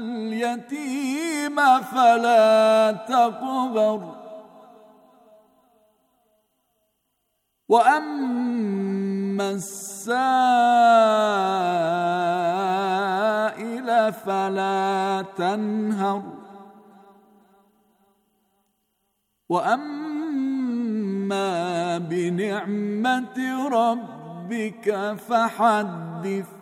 اليتيم فلا تقبر واما السائل فلا تنهر واما بنعمه ربك فحدث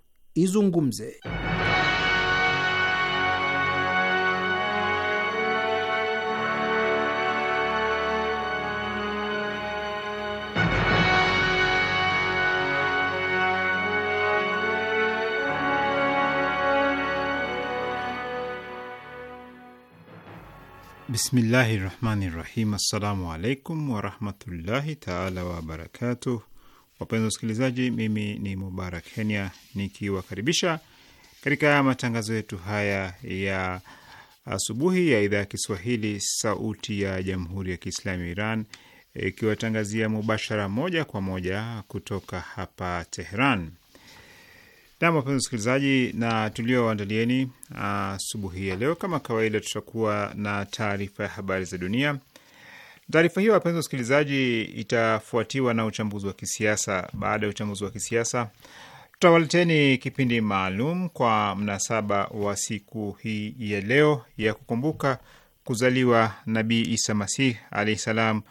izungumze. Bismillahi rahmani rahim. Assalamu alaikum warahmatullahi taala wabarakatuh. Wapenzi wasikilizaji, mimi ni Mubarak Kenya nikiwakaribisha katika matangazo yetu haya ya asubuhi ya idhaa ya Kiswahili sauti ya jamhuri ya Kiislamu ya Iran ikiwatangazia mubashara moja kwa moja kutoka hapa Teheran. Nam, wapenzi wasikilizaji, na tulioandalieni asubuhi ya leo, kama kawaida, tutakuwa na taarifa ya habari za dunia Taarifa hiyo, wapenzi usikilizaji itafuatiwa na uchambuzi wa kisiasa. Baada ya uchambuzi wa kisiasa, tutawaleteni kipindi maalum kwa mnasaba wa siku hii ya leo ya kukumbuka kuzaliwa Nabii Isa Masih alahi salam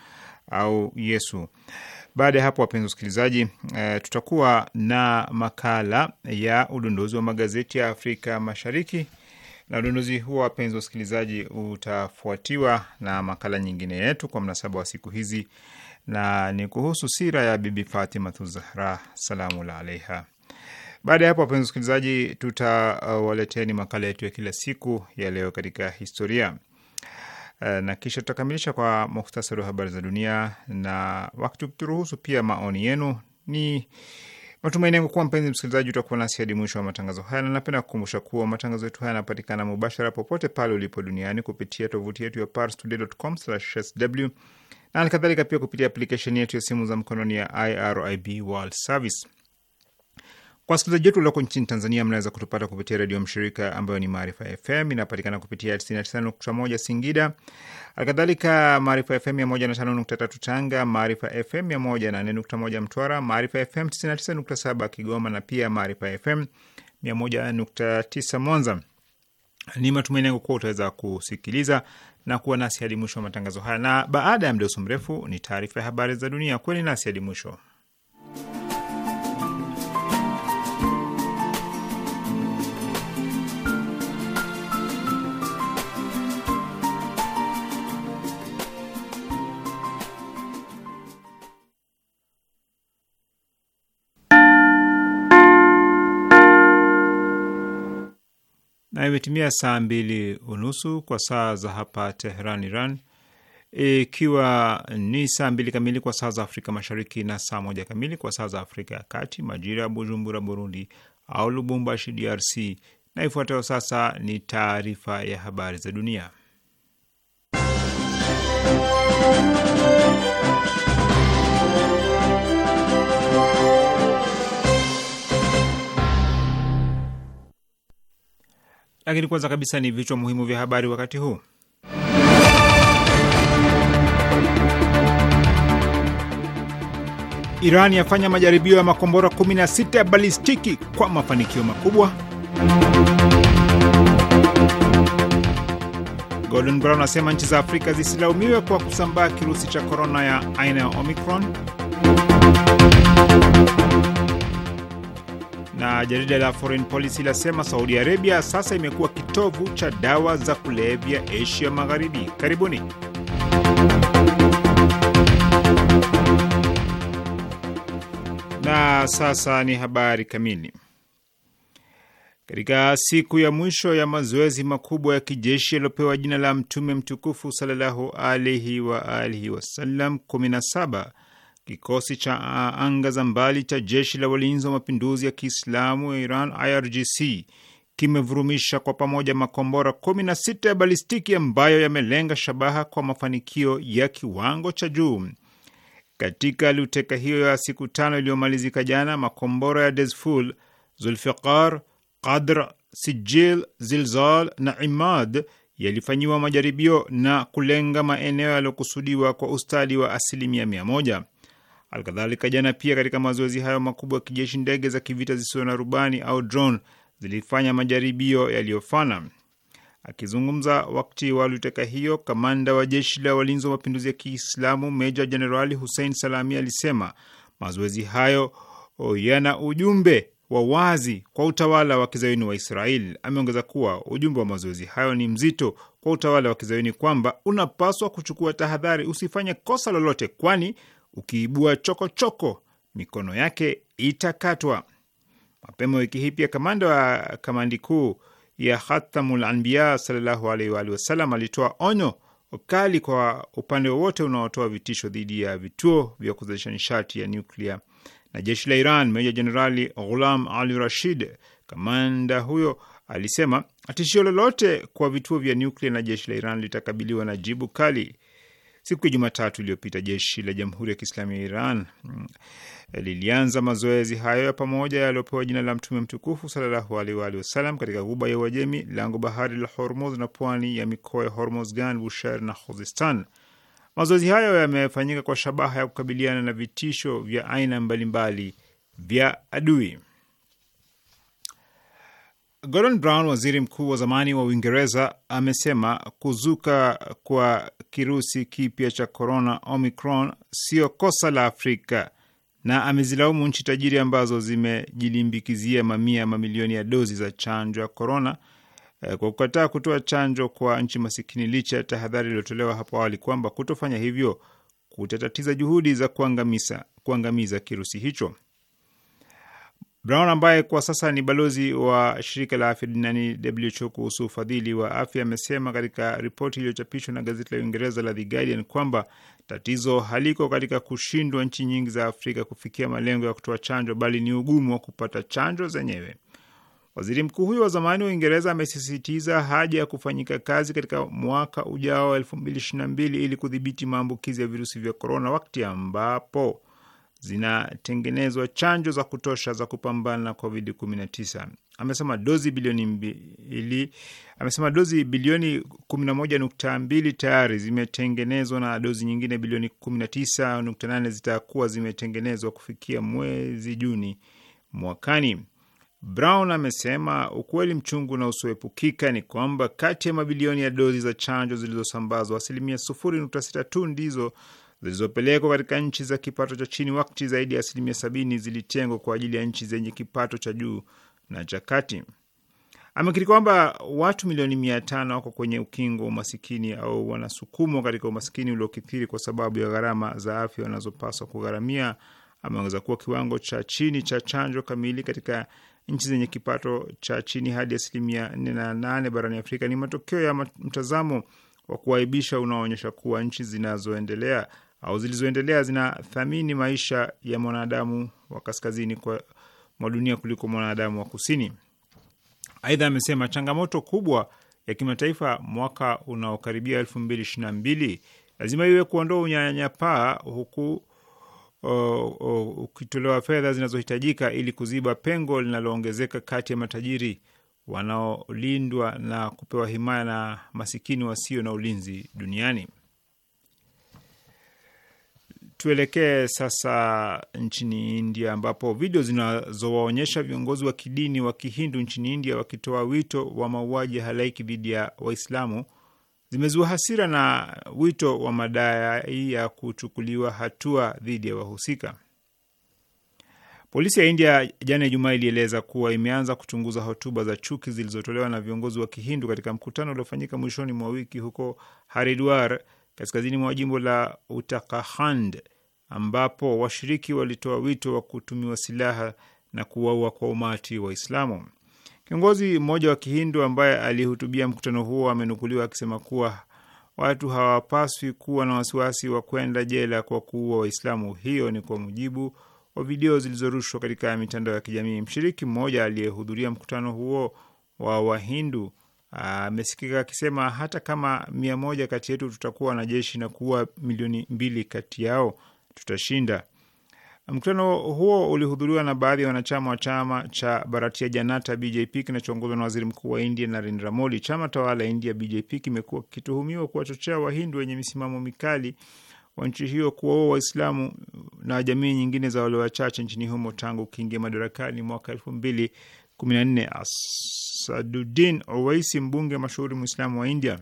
au Yesu. Baada ya hapo, wapenzi usikilizaji, e, eh, tutakuwa na makala ya udondozi wa magazeti ya Afrika Mashariki na udondozi huo, wapenzi wa usikilizaji, utafuatiwa na makala nyingine yetu kwa mnasaba wa siku hizi, na ni kuhusu sira ya Bibi Fatimatu Zahra salamu alaiha. Baada ya hapo, wapenzi wasikilizaji, tutawaleteni makala yetu ya kila siku ya leo katika historia, eh, na kisha tutakamilisha kwa muhtasari wa habari za dunia, na wakati ukituruhusu, pia maoni yenu ni Matumaini yangu kuwa mpenzi msikilizaji utakuwa nasi hadi mwisho wa matangazo haya, na napenda kukumbusha kuwa matangazo yetu haya yanapatikana mubashara popote pale ulipo duniani kupitia tovuti yetu ya parstoday.com/sw na halikadhalika pia kupitia aplikesheni yetu ya simu za mkononi ya IRIB World Service. Kwa wasikilizaji wetu walioko nchini Tanzania, mnaweza kutupata kupitia redio mshirika ambayo ni Maarifa FM, inapatikana kupitia 99.1 Singida, halikadhalika Maarifa FM 105.3 Tanga, Maarifa FM 108.1 Mtwara, Maarifa FM 99.7 Kigoma na pia Maarifa FM 101.9 Mwanza. Ni matumaini yangu kuwa utaweza kusikiliza na kuwa nasi hadi mwisho wa matangazo haya, na baada ya muda mrefu ni taarifa ya habari za dunia. Kweli nasi hadi mwisho. na imetimia saa mbili unusu kwa saa za hapa Teheran, Iran, ikiwa e, ni saa mbili kamili kwa saa za Afrika Mashariki na saa moja kamili kwa saa za Afrika ya Kati, majira ya Bujumbura, Burundi, au Lubumbashi, DRC. Na ifuatayo sasa ni taarifa ya habari za dunia. Lakini kwanza kabisa ni vichwa muhimu vya habari wakati huu. Iran yafanya majaribio ya makombora 16 ya balistiki kwa mafanikio makubwa. Gordon Brown asema nchi za Afrika zisilaumiwe kwa kusambaa kirusi cha korona ya aina ya Omicron na jarida la Foreign Policy lasema Saudi Arabia sasa imekuwa kitovu cha dawa za kulevya Asia Magharibi. Karibuni. Na sasa ni habari kamili. Katika siku ya mwisho ya mazoezi makubwa ya kijeshi yaliyopewa jina la Mtume mtukufu sallallahu alaihi wa alihi wasallam 17 Kikosi cha anga za mbali cha jeshi la walinzi wa mapinduzi ya Kiislamu ya Iran IRGC kimevurumisha kwa pamoja makombora 16 ya balistiki ambayo yamelenga shabaha kwa mafanikio ya kiwango cha juu. Katika luteka hiyo ya siku tano iliyomalizika jana, makombora ya Dezful, Zulfiqar, Qadr, Sijil, Zilzal na Imad yalifanyiwa majaribio na kulenga maeneo yaliyokusudiwa kwa ustadi wa asilimia mia moja. Alkadhalika, jana pia katika mazoezi hayo makubwa ya kijeshi, ndege za kivita zisizo na rubani au drone zilifanya majaribio yaliyofana. Akizungumza wakati wa luteka hiyo, kamanda wa jeshi la walinzi wa mapinduzi ya Kiislamu meja jenerali Hussein Salami alisema mazoezi hayo yana ujumbe wa wazi kwa utawala wa kizayuni wa Israel. Ameongeza kuwa ujumbe wa mazoezi hayo ni mzito kwa utawala wa kizayuni kwamba unapaswa kuchukua tahadhari, usifanye kosa lolote, kwani ukiibua chokochoko choko, mikono yake itakatwa. Mapema wiki hii pia kamanda wa kamandi kuu ya Khatamul Anbiya sallallahu alaihi wa alihi wasallam alitoa onyo kali kwa upande wowote unaotoa vitisho dhidi ya vituo vya kuzalisha nishati ya nyuklia na jeshi la Iran. Meja Jenerali Ghulam Ali Rashid, kamanda huyo, alisema tishio lolote kwa vituo vya nyuklia na jeshi la Iran litakabiliwa na jibu kali. Siku ya Jumatatu iliyopita jeshi la Jamhuri ya Kiislamu ya Iran mm, lilianza mazoezi hayo ya pamoja yaliyopewa jina la Mtume mtukufu sallallahu alaihi wa alihi wasallam katika ghuba ya Uajemi, lango bahari la Hormuz na pwani ya mikoa ya Hormozgan, Bushehr na Khuzistan. Mazoezi hayo yamefanyika kwa shabaha ya kukabiliana na vitisho vya aina mbalimbali mbali vya adui. Gordon Brown, waziri mkuu wa zamani wa Uingereza, amesema kuzuka kwa kirusi kipya cha corona Omicron sio kosa la Afrika, na amezilaumu nchi tajiri ambazo zimejilimbikizia mamia mamilioni ya dozi za chanjo ya korona eh, kwa kukataa kutoa chanjo kwa nchi masikini licha ya tahadhari iliyotolewa hapo awali kwamba kutofanya hivyo kutatatiza juhudi za kuangamiza, kuangamiza kirusi hicho. Brown ambaye kwa sasa ni balozi wa shirika la afya duniani WHO kuhusu ufadhili wa afya amesema katika ripoti iliyochapishwa na gazeti la Uingereza la The Guardian kwamba tatizo haliko katika kushindwa nchi nyingi za Afrika kufikia malengo ya kutoa chanjo, bali ni ugumu wa kupata chanjo zenyewe. Waziri mkuu huyo wa zamani wa Uingereza amesisitiza haja ya kufanyika kazi katika mwaka ujao wa 2022 ili kudhibiti maambukizi ya virusi vya korona, wakati ambapo zinatengenezwa chanjo za kutosha za kupambana na Covid 19. Amesema dozi bilioni mbili, amesema dozi bilioni 11.2 tayari zimetengenezwa na dozi nyingine bilioni 19.8 zitakuwa zimetengenezwa kufikia mwezi Juni mwakani. Brown amesema ukweli mchungu na usioepukika ni kwamba kati ya mabilioni ya dozi za chanjo zilizosambazwa, asilimia 0.6 tu ndizo zilizopelekwa katika nchi za kipato cha chini, wakati zaidi ya asilimia sabini zilitengwa kwa ajili ya nchi zenye kipato cha juu na cha kati. Amekiri kwamba watu milioni mia tano wako kwenye ukingo wa umasikini au wanasukumwa katika umasikini uliokithiri kwa sababu ya gharama za afya wanazopaswa kugharamia. Ameongeza kuwa kiwango cha chini cha chanjo kamili katika nchi zenye kipato cha chini hadi asilimia 48 barani Afrika ni matokeo ya mtazamo wa kuaibisha unaoonyesha kuwa nchi zinazoendelea au zilizoendelea zinathamini maisha ya mwanadamu wa kaskazini kwa mwa dunia kuliko mwanadamu wa kusini. Aidha amesema changamoto kubwa ya kimataifa mwaka unaokaribia elfu mbili ishirini na mbili lazima iwe kuondoa unyanyapaa huku ukitolewa fedha zinazohitajika ili kuziba pengo linaloongezeka kati ya matajiri wanaolindwa na kupewa himaya na masikini wasio na ulinzi duniani. Tuelekee sasa nchini India ambapo video zinazowaonyesha viongozi wa kidini wa Kihindu nchini India wakitoa wito wa mauaji ya halaiki dhidi ya Waislamu zimezua hasira na wito wa madai ya kuchukuliwa hatua dhidi ya wahusika. Polisi ya India jana Ijumaa ilieleza kuwa imeanza kuchunguza hotuba za chuki zilizotolewa na viongozi wa Kihindu katika mkutano uliofanyika mwishoni mwa wiki huko Haridwar kaskazini mwa jimbo la Uttarakhand ambapo washiriki walitoa wito wa kutumiwa silaha na kuwaua kwa umati Waislamu. Kiongozi mmoja wa Kihindu ambaye alihutubia mkutano huo amenukuliwa akisema kuwa watu hawapaswi kuwa na wasiwasi wa kwenda jela kwa kuua Waislamu. Hiyo ni kwa mujibu wa video zilizorushwa katika mitandao ya kijamii. Mshiriki mmoja aliyehudhuria mkutano huo wa Wahindu amesikika akisema hata kama mia moja kati yetu tutakuwa na jeshi na kuwa milioni mbili kati yao tutashinda. Mkutano huo ulihudhuriwa na baadhi ya wanachama wa chama cha Bharatiya Janata BJP kinachoongozwa na waziri mkuu wa India Narendra Modi. Chama tawala India BJP kimekuwa kituhumiwa kuwachochea Wahindu wenye misimamo mikali wa nchi hiyo kuwaua Waislamu na jamii nyingine za wale wachache nchini humo tangu kiingia madarakani mwaka elfu mbili kumi na nne. Saduddin Owaisi, mbunge mashuhuri mwislamu wa India,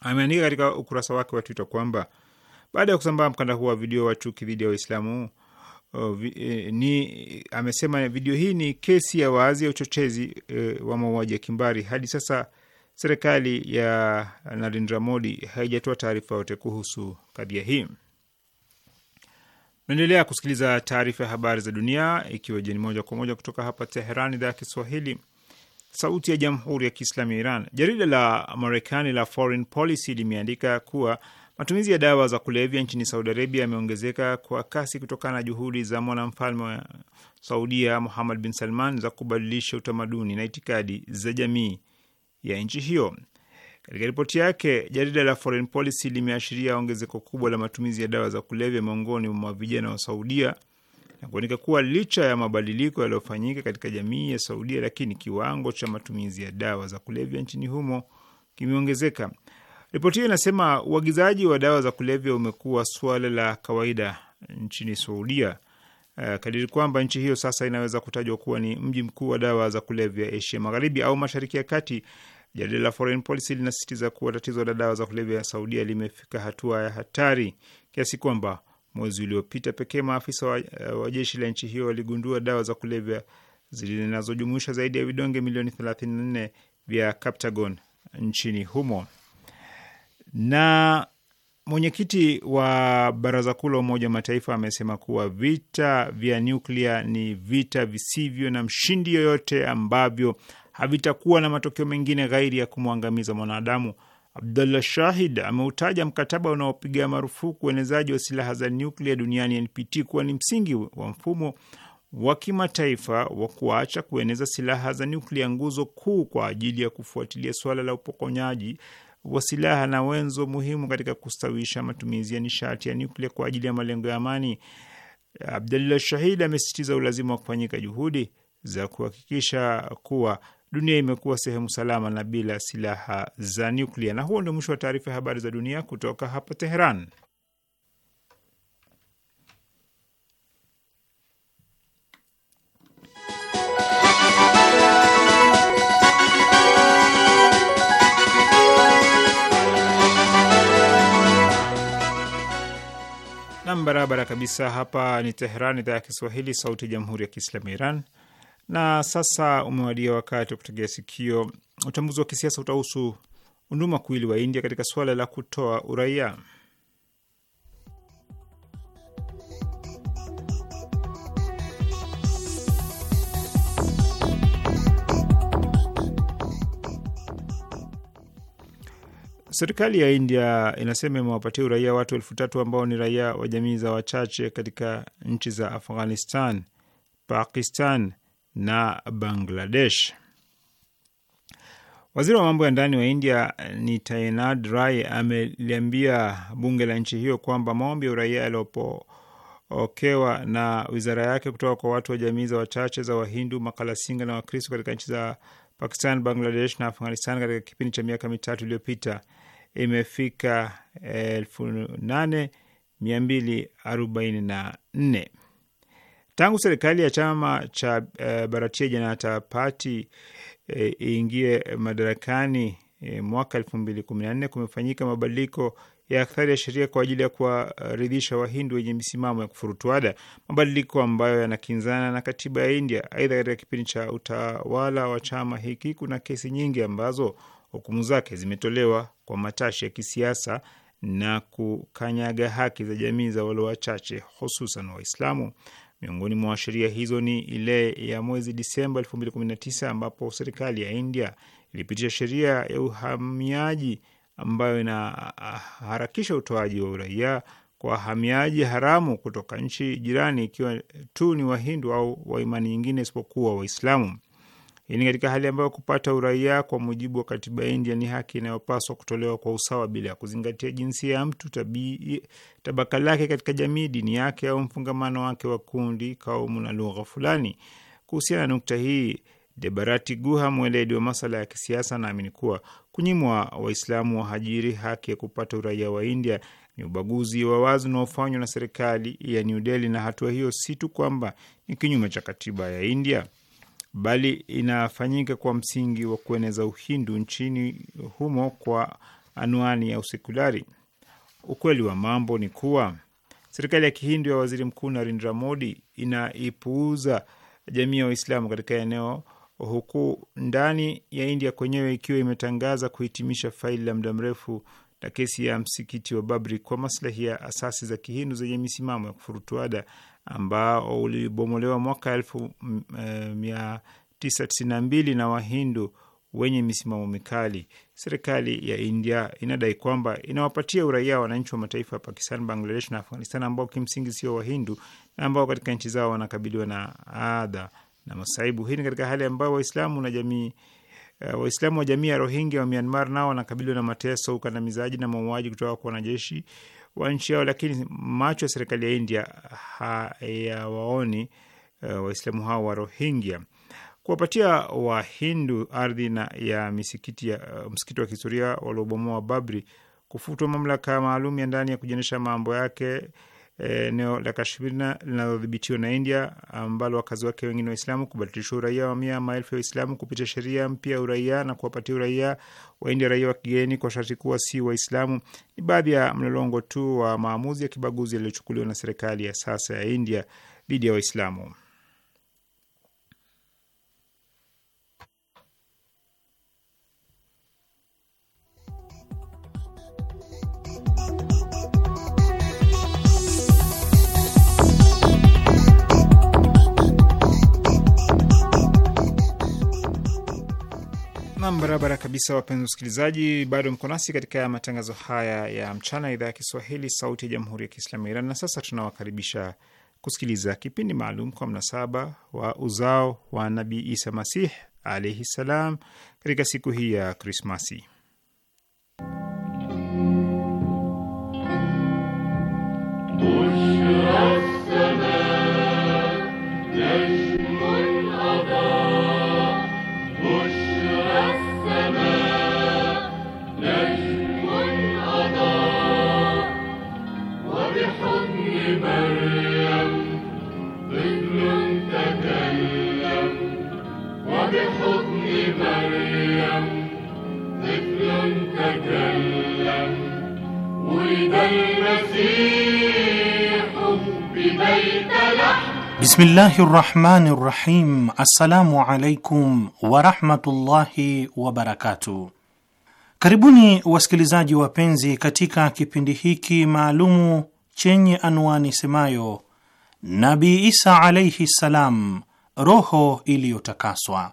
ameandika katika ukurasa wake wa Twitter kwamba baada ya kusambaa mkanda huu wa video wa chuki dhidi ya Waislamu e, ni amesema video hii ni kesi ya wazi ya uchochezi e, wa mauaji ya kimbari. Hadi sasa serikali ya Narendra Modi haijatoa taarifa yote kuhusu kadhia hii. Naendelea kusikiliza taarifa ya habari za dunia, ikiwa jeni moja kwa moja kutoka hapa Teheran, idhaa ya Kiswahili, sauti ya jamhuri ya kiislamu ya Iran. Jarida la Marekani la Foreign Policy limeandika kuwa matumizi ya dawa za kulevya nchini Saudi Arabia yameongezeka kwa kasi kutokana na juhudi za mwanamfalme wa Saudia Muhammad bin Salman za kubadilisha utamaduni na itikadi za jamii ya nchi hiyo. Katika ripoti yake, jarida la Foreign Policy limeashiria ongezeko kubwa la matumizi ya dawa za kulevya miongoni mwa vijana wa Saudia na kuandika kuwa licha ya mabadiliko yaliyofanyika katika jamii ya Saudia, lakini kiwango cha matumizi ya dawa za kulevya nchini humo kimeongezeka. Ripoti hiyo inasema uagizaji wa dawa za kulevya umekuwa suala la kawaida nchini Saudia, uh, kadiri kwamba nchi hiyo sasa inaweza kutajwa kuwa ni mji mkuu wa dawa za kulevya Asia Magharibi au Mashariki ya Kati. Jarida la Foreign Policy linasisitiza kuwa tatizo la dawa za kulevya Saudia limefika hatua ya hatari kiasi kwamba mwezi uliopita pekee maafisa wa, eh, wa jeshi la nchi hiyo waligundua dawa za kulevya zinazojumuisha zaidi ya vidonge milioni 34 vya Captagon nchini humo. Na mwenyekiti wa Baraza Kuu la Umoja wa Mataifa amesema kuwa vita vya nyuklia ni vita visivyo na mshindi yoyote ambavyo havitakuwa na matokeo mengine ghairi ya kumwangamiza mwanadamu Abdullah Shahid ameutaja mkataba unaopiga marufuku uenezaji wa silaha za nyuklia duniani NPT kuwa ni msingi wa mfumo wa kimataifa wa kuacha kueneza silaha za nyuklia, nguzo kuu kwa ajili ya kufuatilia suala la upokonyaji wa silaha na wenzo muhimu katika kustawisha matumizi ya nishati ya nyuklia kwa ajili ya malengo ya amani. Abdullah Shahid amesisitiza ulazima wa kufanyika juhudi za kuhakikisha kuwa dunia imekuwa sehemu salama na bila silaha za nyuklia. Na huo ndio mwisho wa taarifa ya habari za dunia kutoka hapa Teheran. Nam, barabara kabisa. Hapa ni Teheran, idhaa ya Kiswahili, sauti ya jamhuri ya kiislamu ya Iran. Na sasa umewadia wakati wa kutegea sikio. Uchambuzi wa kisiasa utahusu unduma kuili wa India katika suala la kutoa uraia. Serikali ya India inasema imewapatia uraia watu elfu tatu ambao ni raia wa jamii za wachache katika nchi za Afghanistan, Pakistan, na Bangladesh. Waziri wa mambo ya ndani wa India Nityanand Rai ameliambia bunge la nchi hiyo kwamba maombi ya uraia yaliyopokewa na wizara yake kutoka kwa watu wa jamii za wachache za Wahindu, Makalasinga na Wakristo katika nchi za Pakistan, Bangladesh na Afghanistan katika kipindi cha miaka mitatu iliyopita imefika eh, elfu nane mia mbili arobaini na nne. Tangu serikali ya chama cha uh, Bharatiya Janata Party eh, iingie madarakani e, mwaka elfu mbili kumi na nne kumefanyika mabadiliko ya athari ya sheria kwa ajili ya kuwaridhisha wahindu wenye misimamo ya kufurutuada, mabadiliko ambayo yanakinzana na katiba ya India. Aidha, katika kipindi cha utawala wa chama hiki kuna kesi nyingi ambazo hukumu zake zimetolewa kwa matashi ya kisiasa na kukanyaga haki za jamii za wale wachache, hususan Waislamu. Miongoni mwa sheria hizo ni ile ya mwezi Disemba 2019 ambapo serikali ya India ilipitisha sheria ya uhamiaji ambayo inaharakisha utoaji wa uraia kwa wahamiaji haramu kutoka nchi jirani ikiwa tu ni Wahindu au waimani nyingine isipokuwa Waislamu. Hii ni katika hali ambayo kupata uraia kwa mujibu wa katiba ya India ni haki inayopaswa kutolewa kwa usawa bila ya kuzingatia jinsia ya mtu, tabi, tabaka lake katika jamii, dini yake au mfungamano wake wa kundi, kaumu na lugha fulani. Kuhusiana na nukta hii, Debarati Guha, mweledi wa masala ya kisiasa, anaamini kuwa kunyimwa Waislamu wahajiri haki ya kupata uraia wa India ni ubaguzi wa wazi unaofanywa na serikali ya New Delhi, na hatua hiyo si tu kwamba ni kinyume cha katiba ya India bali inafanyika kwa msingi wa kueneza Uhindu nchini humo kwa anwani ya usekulari. Ukweli wa mambo ni kuwa serikali ya Kihindu ya waziri mkuu Narendra Modi inaipuuza jamii ya wa Waislamu katika eneo huku ndani ya India kwenyewe ikiwa imetangaza kuhitimisha faili la muda mrefu la kesi ya msikiti wa Babri kwa maslahi ya asasi za Kihindu zenye misimamo ya kufurutuada ambao ulibomolewa mwaka elfu eh, mia tisa tisini na mbili na Wahindu wenye misimamo mikali. Serikali ya India inadai kwamba inawapatia uraia wananchi wa mataifa ya Pakistan, Bangladesh na Afghanistan ambao kimsingi sio Wahindu na ambao katika nchi zao wanakabiliwa na adha na masaibu. Hii ni katika hali ambayo Waislamu na jamii uh, Waislamu wa jamii ya Rohingya wa Myanmar nao wanakabiliwa na mateso, ukandamizaji na mauaji kutoka kwa wanajeshi wa nchi yao, lakini macho ya serikali ya India hayawaoni uh, Waislamu hao wa Rohingya. Kuwapatia Wahindu ardhi na ya misikiti ya uh, msikiti wa kihistoria waliobomoa Babri, kufutwa mamlaka maalum ya ndani ya kujiendesha mambo yake Eh, eneo la Kashmir linalodhibitiwa na India ambalo wakazi wake wengi ni Waislamu, kubatilisha uraia wa mia maelfu ya Waislamu kupitia sheria mpya ya uraia na kuwapatia uraia wa India raia wa kigeni kwa sharti kuwa si Waislamu ni baadhi ya mlolongo tu wa maamuzi ya kibaguzi yaliyochukuliwa na serikali ya sasa ya India dhidi ya Waislamu. Nam, barabara kabisa, wapenzi wasikilizaji, bado mko nasi katika matangazo haya ya mchana, idhaa ya Kiswahili, sauti ya jamhuri ya kiislamu ya Iran. Na sasa tunawakaribisha kusikiliza kipindi maalum kwa mnasaba wa uzao wa Nabii Isa Masih alaihi salam katika siku hii ya Krismasi. Bismillahi rahmani rahim. Assalamu alaikum warahmatullahi wabarakatuh. Karibuni wasikilizaji wapenzi katika kipindi hiki maalumu chenye anwani semayo Nabi Isa alaihi ssalam, roho iliyotakaswa.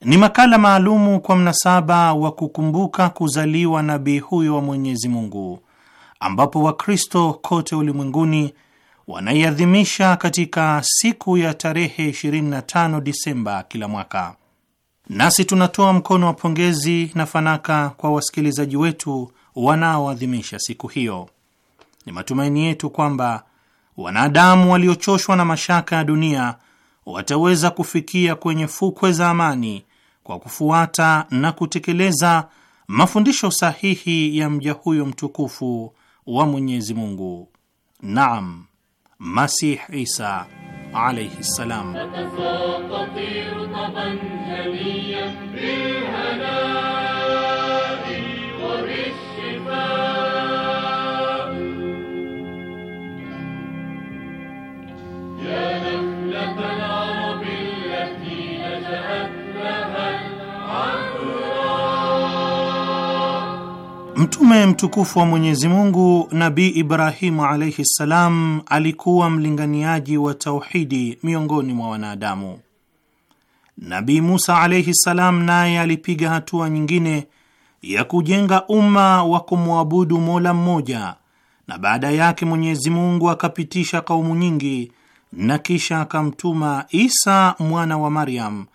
Ni makala maalumu kwa mnasaba wa kukumbuka kuzaliwa nabii huyo wa Mwenyezi Mungu ambapo Wakristo kote ulimwenguni wanaiadhimisha katika siku ya tarehe 25 Disemba kila mwaka. Nasi tunatoa mkono wa pongezi na fanaka kwa wasikilizaji wetu wanaoadhimisha siku hiyo. Ni matumaini yetu kwamba wanadamu waliochoshwa na mashaka ya dunia wataweza kufikia kwenye fukwe za amani kwa kufuata na kutekeleza mafundisho sahihi ya mja huyo mtukufu wa Mwenyezi Mungu. Naam, Masih Isa alayhi salam. Mtume mtukufu wa Mwenyezi Mungu Nabii Ibrahimu alaihi ssalam alikuwa mlinganiaji wa tauhidi miongoni mwa wanadamu. Nabii Musa alaihi ssalam naye alipiga hatua nyingine ya kujenga umma wa kumwabudu Mola mmoja, na baada yake Mwenyezi Mungu akapitisha kaumu nyingi na kisha akamtuma Isa mwana wa Maryam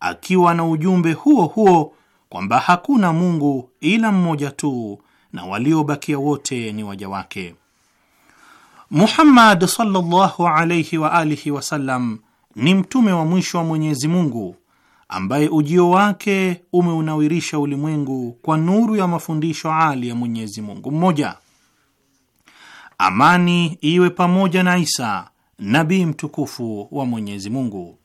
akiwa na ujumbe huo huo kwamba hakuna Mungu ila mmoja tu na waliobakia wote ni waja wake. Muhammad sallallahu alayhi wa alihi wasallam ni mtume wa mwisho wa Mwenyezi Mungu ambaye ujio wake umeunawirisha ulimwengu kwa nuru ya mafundisho ali ya Mwenyezi Mungu mmoja. Amani iwe pamoja na Isa nabii mtukufu wa Mwenyezi Mungu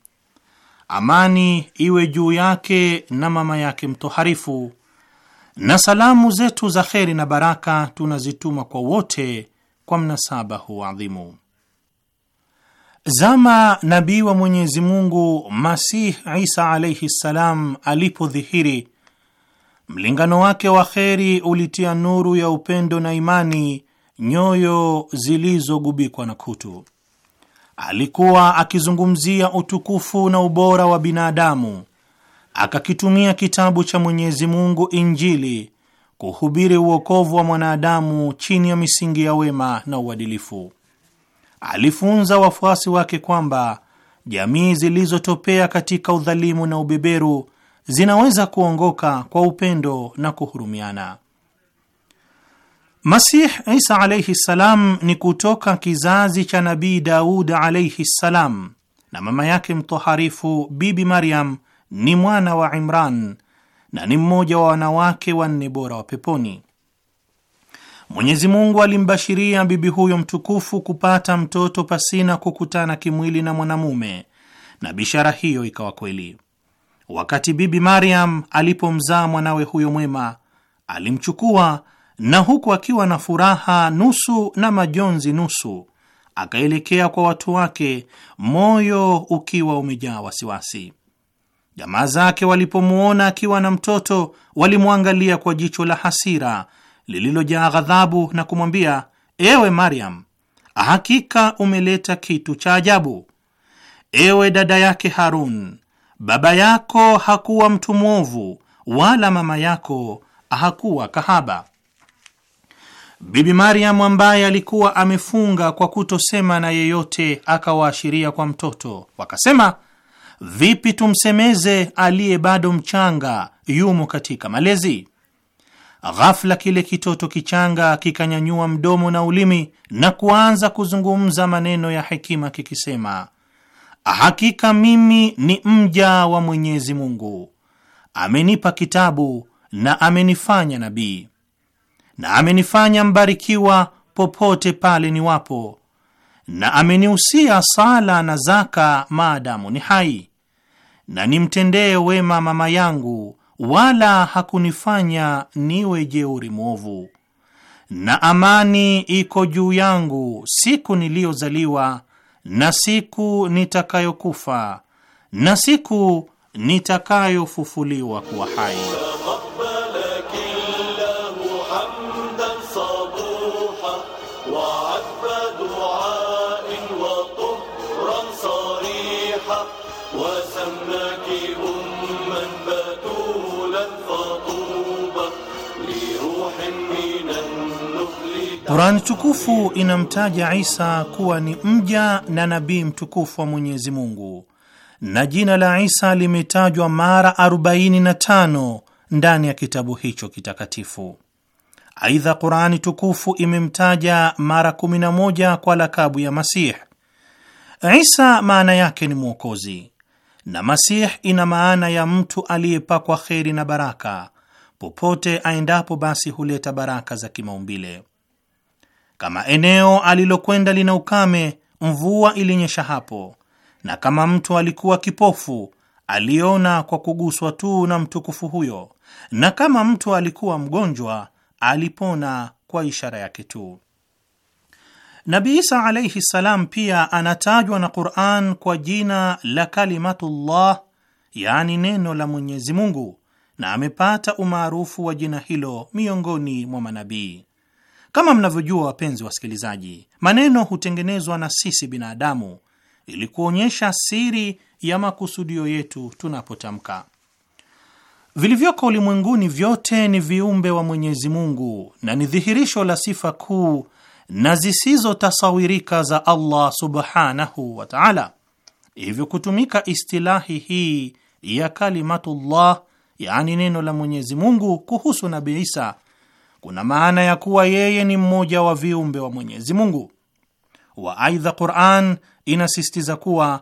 amani iwe juu yake na mama yake mtoharifu, na salamu zetu za kheri na baraka tunazituma kwa wote kwa mnasaba huu adhimu. Zama nabii wa Mwenyezi Mungu Masih Isa alaihi ssalam alipodhihiri, mlingano wake wa kheri ulitia nuru ya upendo na imani nyoyo zilizogubikwa na kutu alikuwa akizungumzia utukufu na ubora wa binadamu, akakitumia kitabu cha Mwenyezi Mungu, Injili, kuhubiri uokovu wa mwanadamu chini ya misingi ya wema na uadilifu. Alifunza wafuasi wake kwamba jamii zilizotopea katika udhalimu na ubeberu zinaweza kuongoka kwa upendo na kuhurumiana. Masih Isa alaihi ssalam ni kutoka kizazi cha Nabii Daud alaihi ssalam, na mama yake mtoharifu Bibi Maryam ni mwana wa Imran na ni mmoja wa wanawake wanne bora wa peponi. Mwenyezi Mungu alimbashiria bibi huyo mtukufu kupata mtoto pasina kukutana kimwili na mwanamume, na bishara hiyo ikawa kweli. Wakati Bibi Maryam alipomzaa mwanawe huyo mwema, alimchukua na huku akiwa na furaha nusu na majonzi nusu, akaelekea kwa watu wake, moyo ukiwa umejaa wasiwasi. Jamaa zake walipomwona akiwa na mtoto, walimwangalia kwa jicho la hasira lililojaa ghadhabu na kumwambia, ewe Mariam, hakika umeleta kitu cha ajabu. Ewe dada yake Harun, baba yako hakuwa mtu mwovu, wala mama yako hakuwa kahaba. Bibi Mariam ambaye alikuwa amefunga kwa kutosema na yeyote, akawaashiria kwa mtoto. Wakasema, vipi tumsemeze aliye bado mchanga, yumo katika malezi? Ghafla kile kitoto kichanga kikanyanyua mdomo na ulimi na kuanza kuzungumza maneno ya hekima kikisema, hakika mimi ni mja wa Mwenyezi Mungu, amenipa kitabu na amenifanya nabii na amenifanya mbarikiwa popote pale niwapo, na amenihusia sala na zaka maadamu ni hai, na nimtendee wema mama yangu, wala hakunifanya niwe jeuri mwovu, na amani iko juu yangu siku niliyozaliwa na siku nitakayokufa na siku nitakayofufuliwa kuwa hai. Quran tukufu inamtaja Isa kuwa ni mja na nabii mtukufu wa Mwenyezi Mungu, na jina la Isa limetajwa mara 45 ndani ya kitabu hicho kitakatifu. Aidha, Qurani tukufu imemtaja mara 11 kwa lakabu ya Masih. Isa maana yake ni mwokozi, na Masih ina maana ya mtu aliyepakwa kheri na baraka. Popote aendapo, basi huleta baraka za kimaumbile. Kama eneo alilokwenda lina ukame, mvua ilinyesha hapo, na kama mtu alikuwa kipofu, aliona kwa kuguswa tu na mtukufu huyo, na kama mtu alikuwa mgonjwa, alipona kwa ishara yake tu. Nabi Isa alaihi ssalam pia anatajwa na Quran kwa jina la Kalimatullah, yaani neno la Mwenyezi Mungu, na amepata umaarufu wa jina hilo miongoni mwa manabii. Kama mnavyojua, wapenzi wasikilizaji, maneno hutengenezwa na sisi binadamu ili kuonyesha siri ya makusudio yetu tunapotamka. Vilivyoko ulimwenguni vyote ni viumbe wa Mwenyezi Mungu na ni dhihirisho la sifa kuu na zisizotasawirika za Allah subhanahu wa ta'ala. Hivyo kutumika istilahi hii ya kalimatullah, yaani neno la Mwenyezi Mungu kuhusu Nabii Isa kuna maana ya kuwa yeye ni mmoja wa viumbe wa Mwenyezi Mungu. wa Aidha, Quran inasisitiza kuwa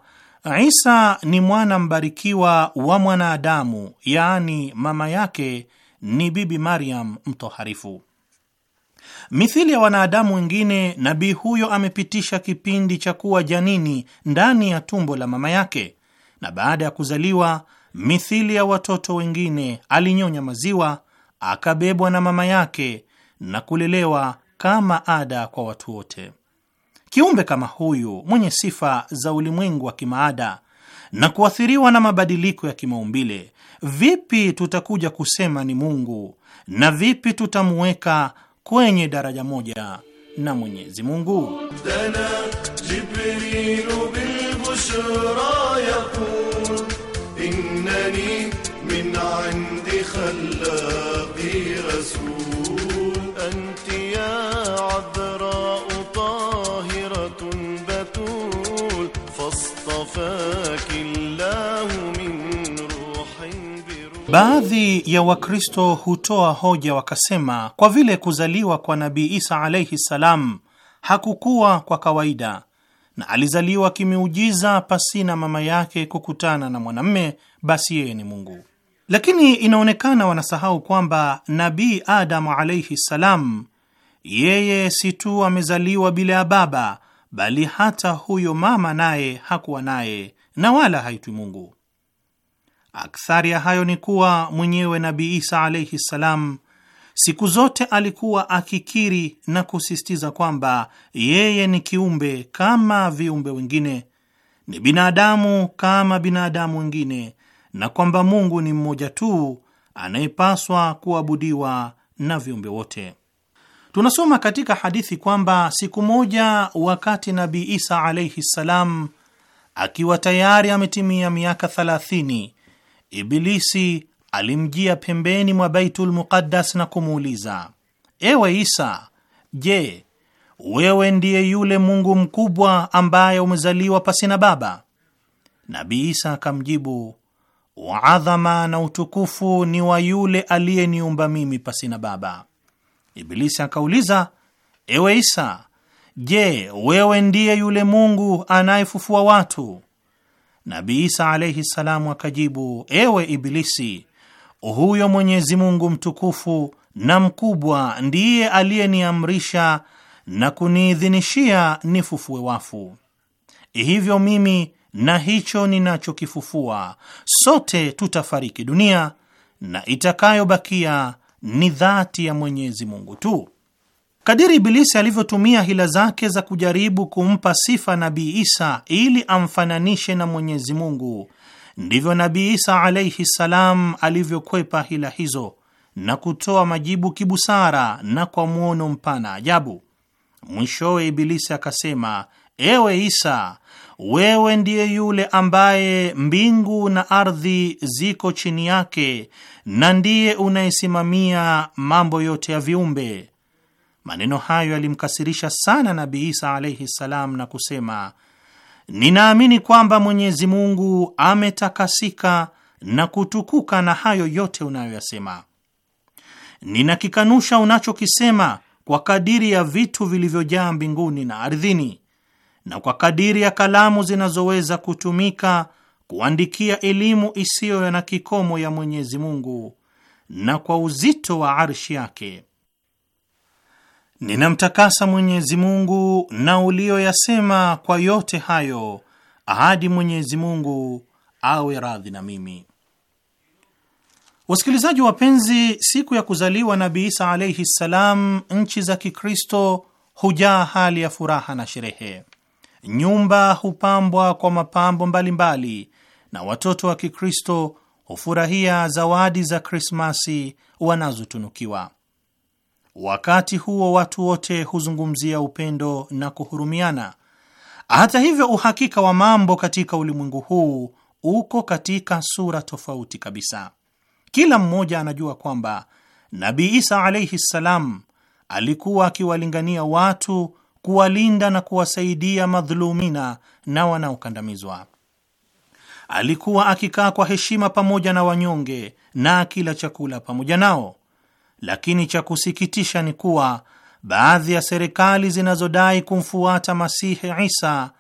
Isa ni mwana mbarikiwa wa mwanadamu, yaani mama yake ni Bibi Maryam mtoharifu. Mithili ya wanadamu wengine, nabii huyo amepitisha kipindi cha kuwa janini ndani ya tumbo la mama yake, na baada ya kuzaliwa, mithili ya watoto wengine, alinyonya maziwa akabebwa na mama yake na kulelewa kama ada kwa watu wote. Kiumbe kama huyu mwenye sifa za ulimwengu wa kimaada na kuathiriwa na mabadiliko ya kimaumbile, vipi tutakuja kusema ni Mungu na vipi tutamuweka kwenye daraja moja na Mwenyezi Mungu? Baadhi ya Wakristo hutoa hoja wakasema, kwa vile kuzaliwa kwa Nabii Isa alaihi ssalam hakukuwa kwa kawaida na alizaliwa kimeujiza pasina mama yake kukutana na mwanamme, basi yeye ni Mungu. Lakini inaonekana wanasahau kwamba Nabii Adamu alaihi ssalam yeye si tu amezaliwa bila ya baba, bali hata huyo mama naye hakuwa naye na wala haitwi Mungu. Akthari ya hayo ni kuwa mwenyewe Nabii Isa alaihi ssalam siku zote alikuwa akikiri na kusisitiza kwamba yeye ni kiumbe kama viumbe wengine, ni binadamu kama binadamu wengine, na kwamba Mungu ni mmoja tu anayepaswa kuabudiwa na viumbe wote. Tunasoma katika hadithi kwamba siku moja, wakati Nabii Isa alaihi ssalam akiwa tayari ametimia miaka 30 Ibilisi alimjia pembeni mwa Baitul Muqaddas na kumuuliza, ewe Isa, je, wewe ndiye yule Mungu mkubwa ambaye umezaliwa pasina baba? Nabii Isa akamjibu, waadhama na utukufu ni wa yule aliyeniumba mimi pasina baba. Ibilisi akauliza, ewe Isa, je, wewe ndiye yule Mungu anayefufua watu? Nabii Isa alaihi ssalamu akajibu, ewe Ibilisi, huyo Mwenyezi Mungu mtukufu na mkubwa ndiye aliyeniamrisha na kuniidhinishia nifufue wafu, hivyo mimi na hicho ninachokifufua sote tutafariki dunia, na itakayobakia ni dhati ya Mwenyezi Mungu tu. Kadiri Ibilisi alivyotumia hila zake za kujaribu kumpa sifa Nabii Isa ili amfananishe na Mwenyezi Mungu, ndivyo Nabii Isa alaihi ssalam alivyokwepa hila hizo na kutoa majibu kibusara na kwa mwono mpana ajabu. Mwishowe Ibilisi akasema, ewe Isa, wewe ndiye yule ambaye mbingu na ardhi ziko chini yake na ndiye unayesimamia mambo yote ya viumbe Maneno hayo yalimkasirisha sana Nabii Isa alaihi ssalam, na kusema, ninaamini kwamba Mwenyezi Mungu ametakasika na kutukuka na hayo yote unayoyasema. Ninakikanusha unachokisema kwa kadiri ya vitu vilivyojaa mbinguni na ardhini na kwa kadiri ya kalamu zinazoweza kutumika kuandikia elimu isiyo na kikomo ya Mwenyezi Mungu na kwa uzito wa arshi yake Ninamtakasa Mwenyezi Mungu na uliyoyasema kwa yote hayo, ahadi Mwenyezi Mungu awe radhi na mimi. Wasikilizaji wapenzi, siku ya kuzaliwa Nabii Isa alaihi ssalam, nchi za Kikristo hujaa hali ya furaha na sherehe. Nyumba hupambwa kwa mapambo mbalimbali mbali, na watoto wa Kikristo hufurahia zawadi za Krismasi wanazotunukiwa. Wakati huo watu wote huzungumzia upendo na kuhurumiana. Hata hivyo, uhakika wa mambo katika ulimwengu huu uko katika sura tofauti kabisa. Kila mmoja anajua kwamba Nabii Isa alaihi ssalam alikuwa akiwalingania watu kuwalinda na kuwasaidia madhulumina na wanaokandamizwa. Alikuwa akikaa kwa heshima pamoja na wanyonge na akila chakula pamoja nao. Lakini cha kusikitisha ni kuwa baadhi ya serikali zinazodai kumfuata Masihi Isa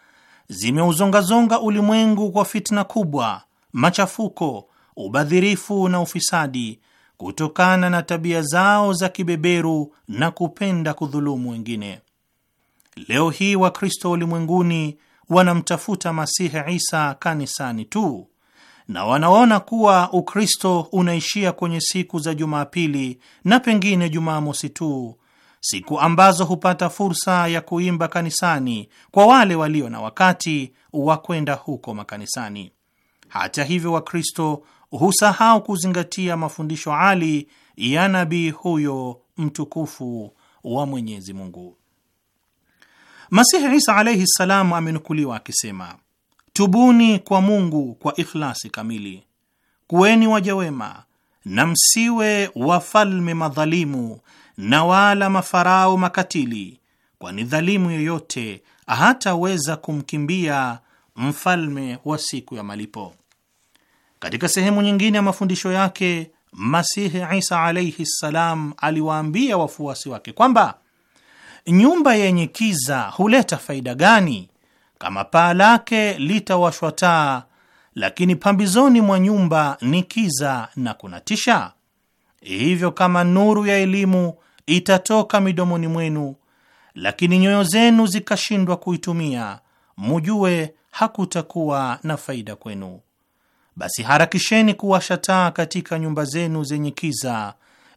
zimeuzongazonga ulimwengu kwa fitna kubwa, machafuko, ubadhirifu na ufisadi kutokana na tabia zao za kibeberu na kupenda kudhulumu wengine. Leo hii Wakristo ulimwenguni wanamtafuta Masihi Isa kanisani tu, na wanaona kuwa Ukristo unaishia kwenye siku za Jumapili na pengine Jumamosi tu, siku ambazo hupata fursa ya kuimba kanisani kwa wale walio na wakati wa kwenda huko makanisani. Hata hivyo, Wakristo husahau kuzingatia mafundisho ali ya nabii huyo mtukufu wa Mwenyezi Mungu. Masihi Isa alaihi salamu amenukuliwa akisema tubuni kwa Mungu kwa ikhlasi kamili, kuweni waja wema na msiwe wafalme madhalimu na wala mafarao makatili, kwani dhalimu yoyote hataweza kumkimbia mfalme wa siku ya malipo. Katika sehemu nyingine ya mafundisho yake Masihi Isa alaihi ssalam aliwaambia wafuasi wake kwamba nyumba yenye kiza huleta faida gani kama paa lake litawashwa taa, lakini pambizoni mwa nyumba ni kiza na kunatisha. Hivyo kama nuru ya elimu itatoka midomoni mwenu, lakini nyoyo zenu zikashindwa kuitumia, mujue hakutakuwa na faida kwenu. Basi harakisheni kuwasha taa katika nyumba zenu zenye kiza,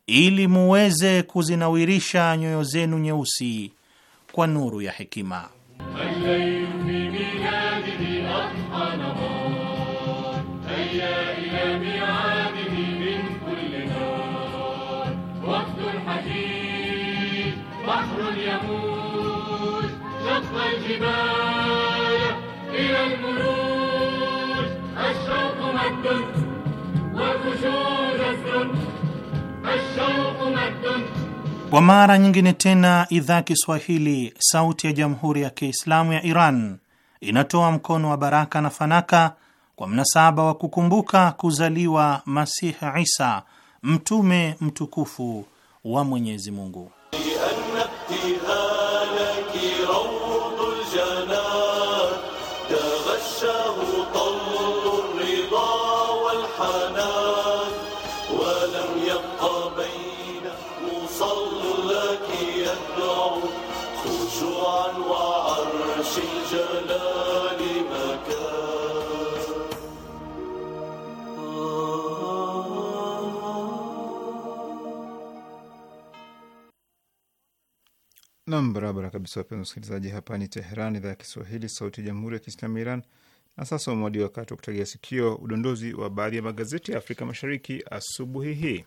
ili muweze kuzinawirisha nyoyo zenu nyeusi kwa nuru ya hekima. الليل في ميلاده أضحى نهار هيا إلى ميعاده من كل نار وقت الحديد بحر يموت شطف الجبال Kwa mara nyingine tena, idhaa ya Kiswahili sauti ya jamhuri ya Kiislamu ya Iran inatoa mkono wa baraka na fanaka kwa mnasaba wa kukumbuka kuzaliwa Masihi Isa, mtume mtukufu wa Mwenyezi Mungu. Nam, barabara kabisa, wapenzi wasikilizaji. Hapa ni Teheran, idhaa ya Kiswahili, sauti ya jamhuri ya kiislamu Iran. Na sasa umewadia wakati wa kutegea sikio udondozi wa baadhi ya magazeti ya Afrika Mashariki asubuhi hii.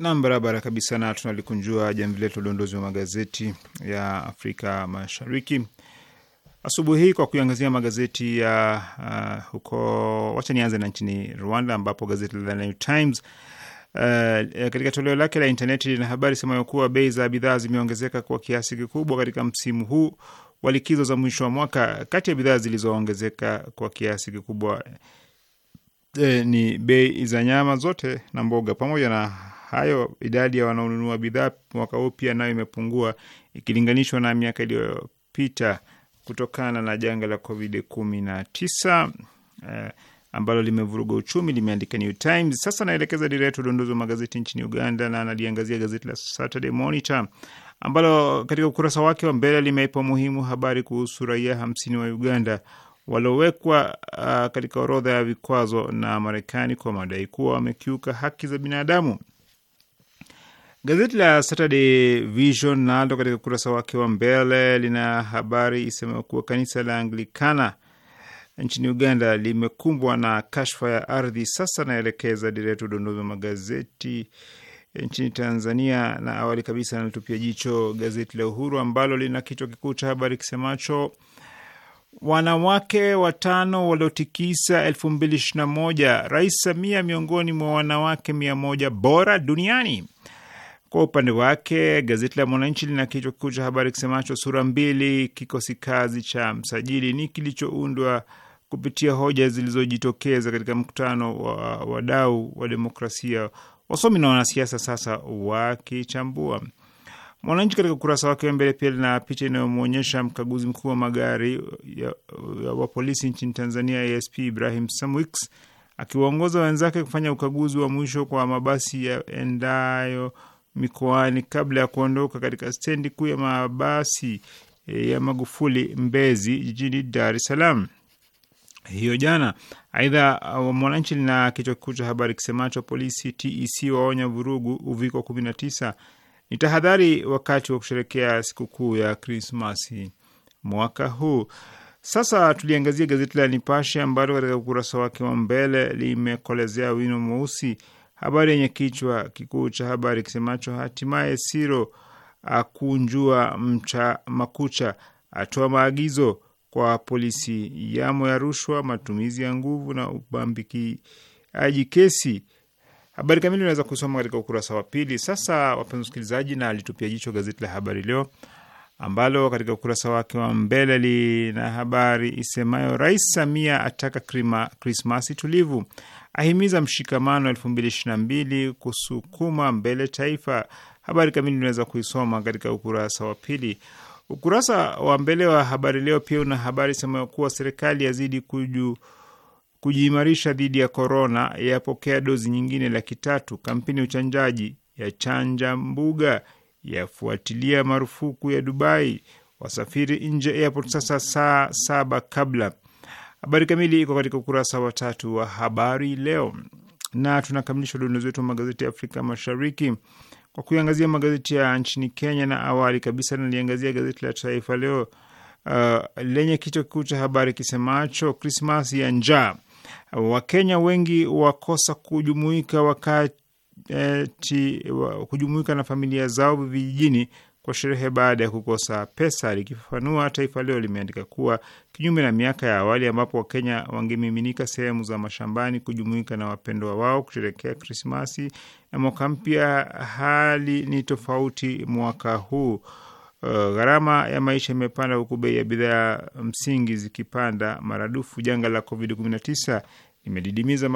Nam, barabara kabisa, na tunalikunjua jamvi letu udondozi wa magazeti ya Afrika Mashariki asubuhi hii kwa kuiangazia magazeti ya uh, huko. Wacha nianze na nchini Rwanda, ambapo gazeti la New Times uh, katika toleo lake la intaneti lina habari semayo kuwa bei za bidhaa zimeongezeka kwa kiasi kikubwa katika msimu huu wa likizo za mwisho wa mwaka. Kati ya bidhaa zilizoongezeka kwa kiasi kikubwa eh, ni bei za nyama zote na mboga pamoja na hayo, idadi ya wanaonunua bidhaa mwaka huu pia nayo imepungua ikilinganishwa na miaka iliyopita kutokana na janga la Covid 19 eh, ambalo limevuruga uchumi, limeandika New Times. Sasa naelekeza dira yetu udondozi wa magazeti nchini Uganda, na analiangazia gazeti la Saturday Monitor ambalo katika ukurasa wake wa mbele limeipa muhimu habari kuhusu raia hamsini wa Uganda waliowekwa uh, katika orodha ya vikwazo na Marekani kwa madai kuwa wamekiuka haki za binadamu. Gazeti la Saturday Vision nalo katika ukurasa wake wa mbele lina habari isema kuwa kanisa la Anglikana nchini Uganda limekumbwa na kashfa ya ardhi. Sasa naelekeza dira yetu udondozi wa magazeti nchini Tanzania, na awali kabisa nalitupia jicho gazeti la Uhuru ambalo lina kichwa kikuu cha habari kisemacho wanawake watano waliotikisa elfu mbili na moja Rais Samia miongoni mwa wanawake mia moja bora duniani. Kwa upande wake gazeti la Mwananchi lina kichwa kikuu cha habari kisemacho sura mbili, kikosi kazi cha msajili ni kilichoundwa kupitia hoja zilizojitokeza katika mkutano wa wadau wa demokrasia, wasomi na wanasiasa, sasa wakichambua. Mwananchi katika ukurasa wake wa mbele pia lina picha inayomwonyesha mkaguzi mkuu wa magari ya, ya, wa polisi nchini Tanzania, ASP Ibrahim Samwix akiwaongoza wenzake kufanya ukaguzi wa mwisho kwa mabasi yaendayo mikoani kabla ya kuondoka katika stendi kuu ya mabasi e, ya Magufuli Mbezi jijini Dar es Salaam hiyo jana. Aidha, uh, Mwananchi lina kichwa kikuu cha habari kisemacho polisi TEC waonya vurugu Uviko 19 ni tahadhari wakati wa kusherekea sikukuu ya Krismasi mwaka huu. Sasa tuliangazia gazeti la Nipashe ambalo katika ukurasa wake wa mbele limekolezea wino mweusi habari yenye kichwa kikuu cha habari kisemacho hatimaye Siro akunjua mcha makucha, atoa maagizo kwa polisi yamo ya rushwa, matumizi ya nguvu na ubambikiaji kesi. Habari kamili unaweza kusoma katika ukurasa wa pili. Sasa wapenzi wasikilizaji, na alitupia jicho gazeti la Habari Leo ambalo katika ukurasa wake wa mbele lina habari isemayo Rais Samia ataka Krismasi tulivu ahimiza mshikamano 2022 kusukuma mbele taifa. Habari kamili unaweza kuisoma katika ukurasa wa pili. Ukurasa wa mbele wa Habari Leo pia una habari sema kuwa serikali yazidi kuju kujiimarisha dhidi ya korona, yapokea dozi nyingine laki tatu. Kampeni ya uchanjaji ya chanja mbuga yafuatilia marufuku ya Dubai. Wasafiri nje airport sasa saa saba kabla Habari kamili iko katika ukurasa wa tatu wa habari leo, na tunakamilisha udondozi wetu wa magazeti ya Afrika Mashariki kwa kuiangazia magazeti ya nchini Kenya, na awali kabisa naliangazia gazeti la Taifa Leo uh, lenye kichwa kikuu cha habari kisemacho Krismas ya njaa, Wakenya wengi wakosa kujumuika wakati eh, kujumuika na familia zao vijijini kwa sherehe baada ya kukosa pesa. Likifafanua, Taifa Leo limeandika kuwa kinyume na miaka ya awali ambapo Wakenya wangemiminika sehemu za mashambani kujumuika na wapendwa wao kusherekea Krismasi na mwaka mpya, hali ni tofauti mwaka huu. Uh, gharama ya maisha imepanda huku bei ya bidhaa msingi zikipanda maradufu. Janga la COVID-19 limedidimiza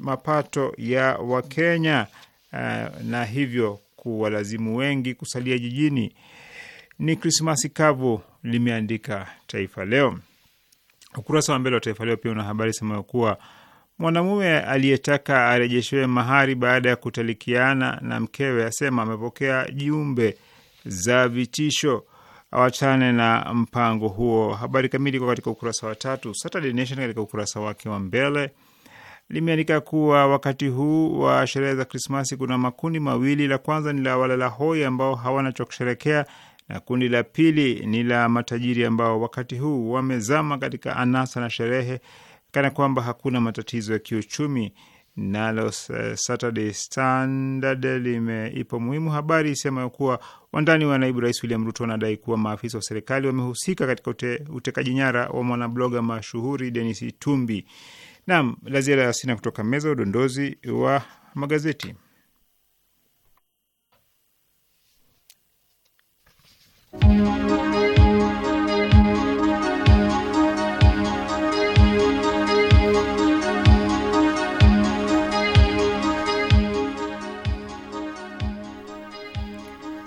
mapato, ya Wakenya uh, na hivyo kuwalazimu wengi kusalia jijini. Ni Krismasi kavu, limeandika Taifa Leo. Ukurasa wa mbele wa Taifa Leo pia una habari sema kuwa mwanamume aliyetaka arejeshewe mahari baada ya kutalikiana na mkewe asema amepokea jumbe za vitisho awachane na mpango huo. Habari kamili iko katika ukurasa wa tatu. Saturday Nation katika ukurasa wake wa mbele limeandika kuwa wakati huu wa sherehe za Krismasi kuna makundi mawili. La kwanza ni la walala hoi ambao hawana cha kusherekea, na kundi la pili ni la matajiri ambao wakati huu wamezama katika anasa na sherehe, kana kwamba hakuna matatizo ya kiuchumi. Nalo eh, Saturday Standard limeipa muhimu habari isemayo kuwa wandani wa naibu rais William Ruto wanadai kuwa maafisa wa serikali wamehusika katika ute, utekaji nyara wa mwanabloga mashuhuri Denis Itumbi. Naam, la ziada ya sina kutoka meza udondozi wa magazeti.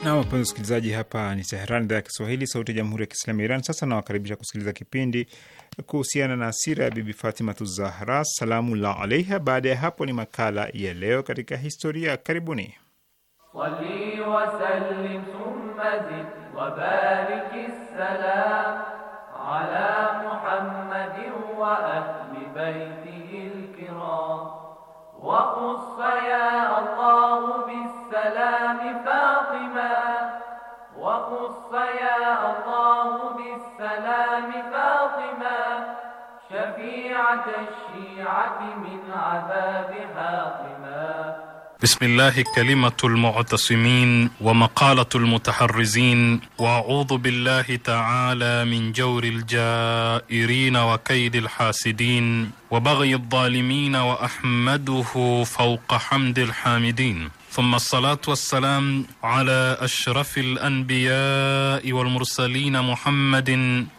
Na wapenzi wasikilizaji, hapa ni Teheran, idhaa ya Kiswahili, sauti ya jamhuri ya kiislamu ya Iran. Sasa nawakaribisha kusikiliza kipindi kuhusiana na asira ya Bibi Fatima Tuzahra salamullah alaiha. Baada ya hapo ni makala ya leo katika historia. Karibuni. Wa الشيعة من عذابها بسم الله كلمة المعتصمين ومقالة المتحرزين وأعوذ بالله تعالى من جور الجائرين وكيد الحاسدين وبغي الظالمين وأحمده فوق حمد الحامدين ثم الصلاة والسلام على أشرف الأنبياء والمرسلين محمد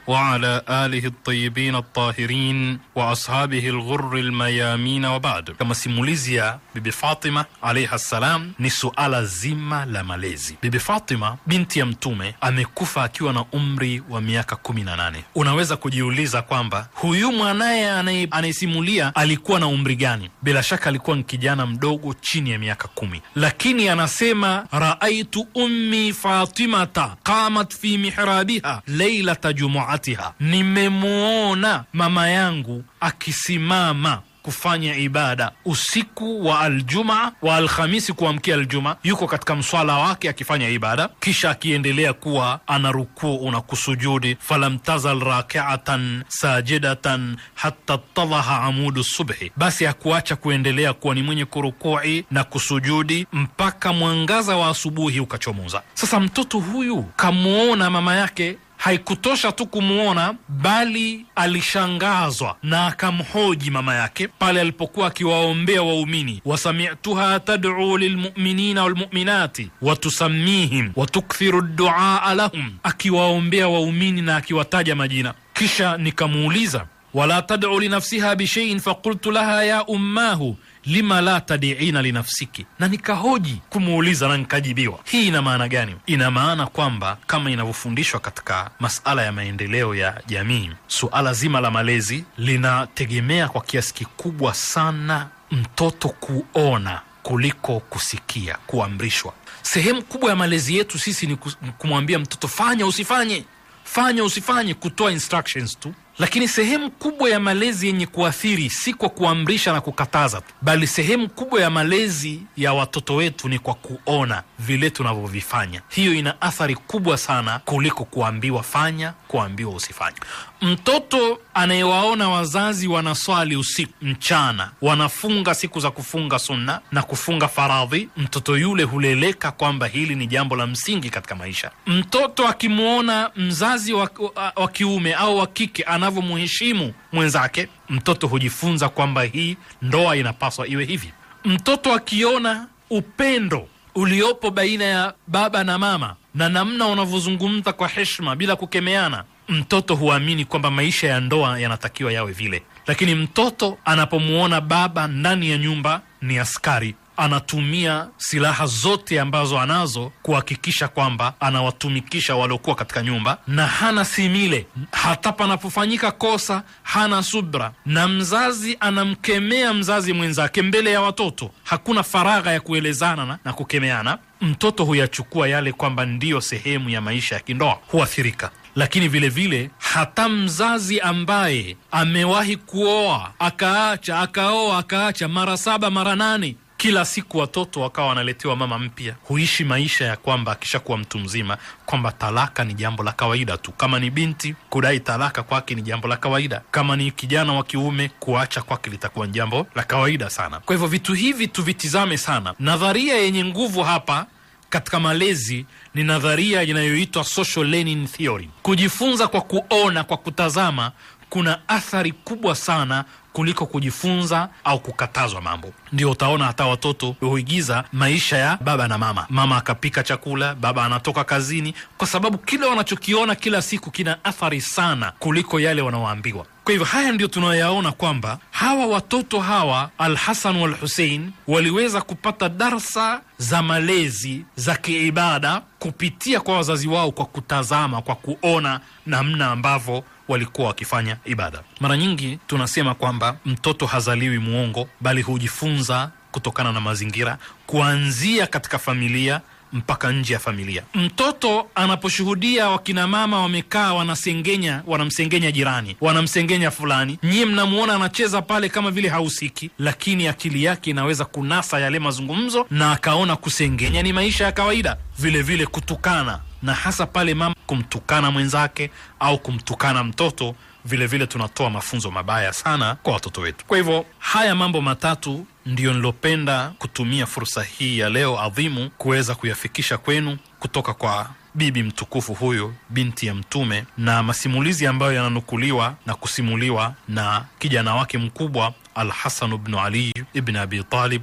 وعلى آله الطيبين الطاهرين وأصحابه الغر الميامين وبعد كما simulizi ya Bibi Fatima alaiha salam ni suala zima la malezi. Bibi Fatima binti ya Mtume amekufa akiwa na umri wa miaka kumi na nane. Unaweza kujiuliza kwamba huyu mwanaye anayesimulia alikuwa na umri gani? Bila shaka alikuwa ni kijana mdogo chini ya miaka kumi lakini anasema raaitu ummi fatimata qamat fi mihrabiha lailata jumuatiha, nimemwona mama yangu akisimama kufanya ibada usiku wa aljumaa wa Alhamisi kuamkia Aljuma, yuko katika mswala wake akifanya ibada, kisha akiendelea kuwa ana rukuu na kusujudi, falam tazal rakiatan sajidatan hatta tadaha amudu subhi, basi hakuacha kuendelea kuwa ni mwenye kurukui na kusujudi mpaka mwangaza wa asubuhi ukachomoza. Sasa mtoto huyu kamwona mama yake haikutosha tu kumwona, bali alishangazwa na akamhoji mama yake pale alipokuwa akiwaombea waumini, wasamituha tad'u lilmuminina walmuminati watusamihim watukthiru duaa lahum, akiwaombea waumini na akiwataja majina. Kisha nikamuuliza wala tad'u linafsiha bishaiin fakultu laha ya ummahu lima la tadiina linafsiki, na nikahoji kumuuliza na nikajibiwa. Hii ina maana gani? Ina maana kwamba kama inavyofundishwa katika masala ya maendeleo ya jamii, suala zima la malezi linategemea kwa kiasi kikubwa sana mtoto kuona kuliko kusikia, kuamrishwa. Sehemu kubwa ya malezi yetu sisi ni kumwambia mtoto fanya, usifanye, fanya, usifanye, kutoa instructions tu. Lakini sehemu kubwa ya malezi yenye kuathiri si kwa kuamrisha na kukataza tu, bali sehemu kubwa ya malezi ya watoto wetu ni kwa kuona vile tunavyovifanya. Hiyo ina athari kubwa sana kuliko kuambiwa fanya, kuambiwa usifanya Mtoto anayewaona wazazi wanaswali usiku, mchana, wanafunga siku za kufunga sunna na kufunga faradhi, mtoto yule huleleka kwamba hili ni jambo la msingi katika maisha. Mtoto akimwona mzazi wa, wa, wa kiume au wa kike ana anavyomheshimu mwenzake, mtoto hujifunza kwamba hii ndoa inapaswa iwe hivi. Mtoto akiona upendo uliopo baina ya baba na mama na namna wanavyozungumza kwa heshima bila kukemeana, mtoto huamini kwamba maisha ya ndoa yanatakiwa yawe vile. Lakini mtoto anapomwona baba ndani ya nyumba ni askari anatumia silaha zote ambazo anazo kuhakikisha kwamba anawatumikisha waliokuwa katika nyumba, na hana simile hata panapofanyika kosa, hana subra. Na mzazi anamkemea mzazi mwenzake mbele ya watoto, hakuna faragha ya kuelezana na kukemeana. Mtoto huyachukua yale kwamba ndiyo sehemu ya maisha ya kindoa, huathirika lakini vilevile vile, hata mzazi ambaye amewahi kuoa akaacha akaoa akaacha mara saba mara nane kila siku watoto wakawa wanaletewa mama mpya, huishi maisha ya kwamba akishakuwa mtu mzima kwamba talaka ni jambo la kawaida tu. Kama ni binti, kudai talaka kwake ni jambo la kawaida. Kama ni kijana wa kiume, kuacha kwake litakuwa ni jambo la kawaida sana. Kwa hivyo vitu hivi tuvitizame sana. Nadharia yenye nguvu hapa katika malezi ni nadharia inayoitwa social learning theory, kujifunza kwa kuona, kwa kutazama kuna athari kubwa sana kuliko kujifunza au kukatazwa mambo. Ndio utaona hata watoto huigiza maisha ya baba na mama, mama akapika chakula, baba anatoka kazini, kwa sababu kile wanachokiona kila siku kina athari sana kuliko yale wanaoambiwa. Kwa hivyo haya ndio tunayoyaona kwamba hawa watoto hawa Alhasan wal Husein waliweza kupata darsa za malezi za kiibada kupitia kwa wazazi wao, kwa kutazama, kwa kuona namna ambavyo walikuwa wakifanya ibada. Mara nyingi tunasema kwamba mtoto hazaliwi mwongo, bali hujifunza kutokana na mazingira, kuanzia katika familia mpaka nje ya familia. Mtoto anaposhuhudia wakina mama wamekaa wanasengenya, wanamsengenya jirani, wanamsengenya fulani, nyie mnamwona anacheza pale kama vile hahusiki, lakini akili yake inaweza kunasa yale mazungumzo na akaona kusengenya ni maisha ya kawaida, vilevile vile kutukana na hasa pale mama kumtukana mwenzake au kumtukana mtoto vilevile vile tunatoa mafunzo mabaya sana kwa watoto wetu. Kwa hivyo haya mambo matatu ndiyo nilopenda kutumia fursa hii ya leo adhimu kuweza kuyafikisha kwenu kutoka kwa bibi mtukufu huyu binti ya Mtume, na masimulizi ambayo yananukuliwa na kusimuliwa na kijana wake mkubwa Alhasanu bnu Ali ibn Abi Talib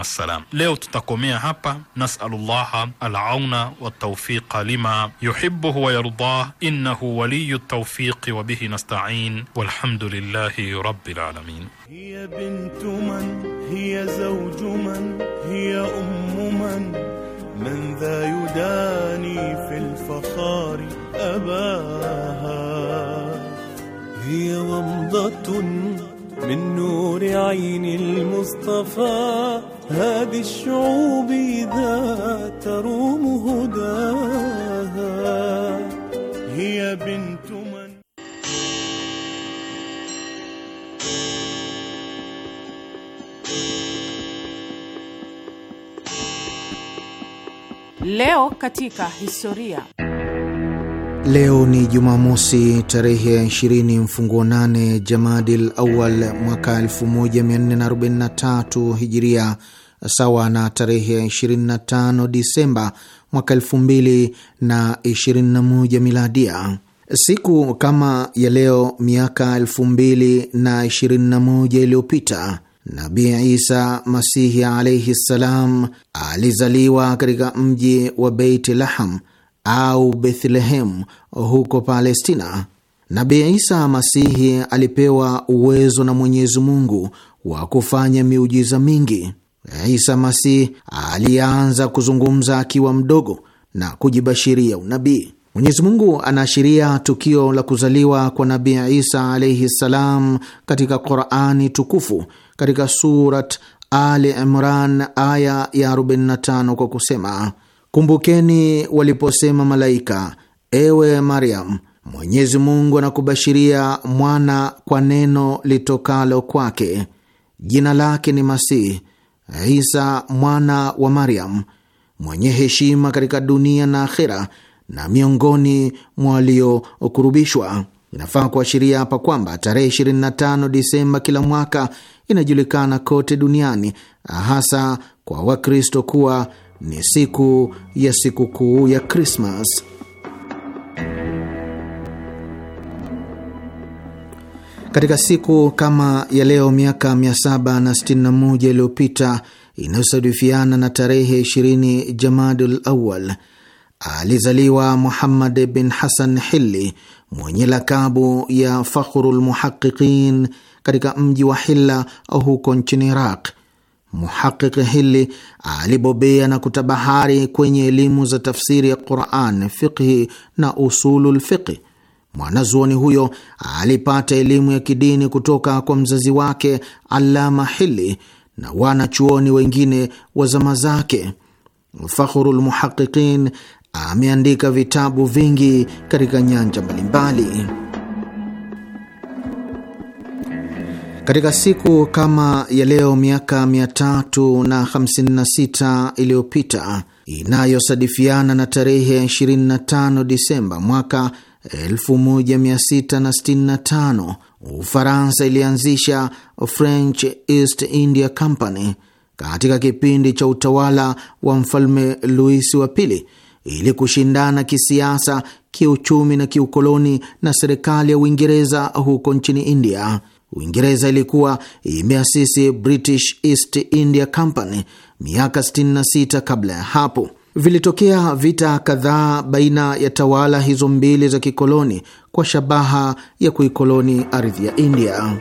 assalam. Leo tutakomea hapa. Nasalu llaha alauna waltaufiqa lima yuhibuhu wa yardah, innahu waliyu ltaufiqi wa bihi nastain, walhamdu lillahi rabbil alamin. hiya bintu man hiya zawju man hiya ummu man من ذا يداني في الفخار أباها هي ومضة من نور عين المصطفى هذه الشعوب إذا تروم هداها هي بنت Leo katika historia. Leo ni Jumamosi tarehe ya 20 mfunguo 8 Jamadil Awal mwaka 1443 Hijiria, sawa na tarehe 25 Disemba mwaka 2021 Miladia. Siku kama ya leo miaka 2021 iliyopita Nabi Isa Masihi alaihi ssalam alizaliwa katika mji wa Beit Laham au Bethlehemu huko Palestina. Nabi Isa Masihi alipewa uwezo na Mwenyezi Mungu wa kufanya miujiza mingi. Isa Masihi alianza kuzungumza akiwa mdogo na kujibashiria unabii. Mwenyezi Mungu anaashiria tukio la kuzaliwa kwa Nabii Isa alaihi ssalam katika Qurani tukufu katika Surat Ali Imran aya ya 45 kwa kusema, kumbukeni waliposema malaika, ewe Maryam, Mwenyezi Mungu anakubashiria mwana kwa neno litokalo kwake, jina lake ni Masihi Isa mwana wa Maryam, mwenye heshima katika dunia na akhera na miongoni mwa waliokurubishwa. Inafaa kuashiria hapa kwamba tarehe 25 Disemba kila mwaka inajulikana kote duniani, hasa kwa Wakristo kuwa ni siku ya sikukuu ya Krismas. Katika siku kama ya leo miaka 761 iliyopita inayosadifiana na tarehe 20 Jamadul Awal alizaliwa Muhammad bin Hasan Hilli mwenye lakabu ya Fakhrul Muhaqiqin katika mji wa Hilla huko nchini Iraq. Muhaqiq Hilli alibobea na kutabahari kwenye elimu za tafsiri ya Quran, fiqhi na usulul fiqhi. Mwanazuoni huyo alipata elimu ya kidini kutoka kwa mzazi wake Allama Hilli na wanachuoni wengine wa zama zake. Fakhrul Muhaqiqin ameandika vitabu vingi katika nyanja mbalimbali. Katika siku kama ya leo miaka 356 iliyopita inayosadifiana na tarehe ya 25 Disemba mwaka 1665 Ufaransa ilianzisha French East India Company katika kipindi cha utawala wa mfalme Louis wa pili ili kushindana kisiasa, kiuchumi na kiukoloni na serikali ya Uingereza huko nchini India. Uingereza ilikuwa imeasisi British East India Company miaka 66 kabla ya hapo. Vilitokea vita kadhaa baina ya tawala hizo mbili za kikoloni kwa shabaha ya kuikoloni ardhi ya India.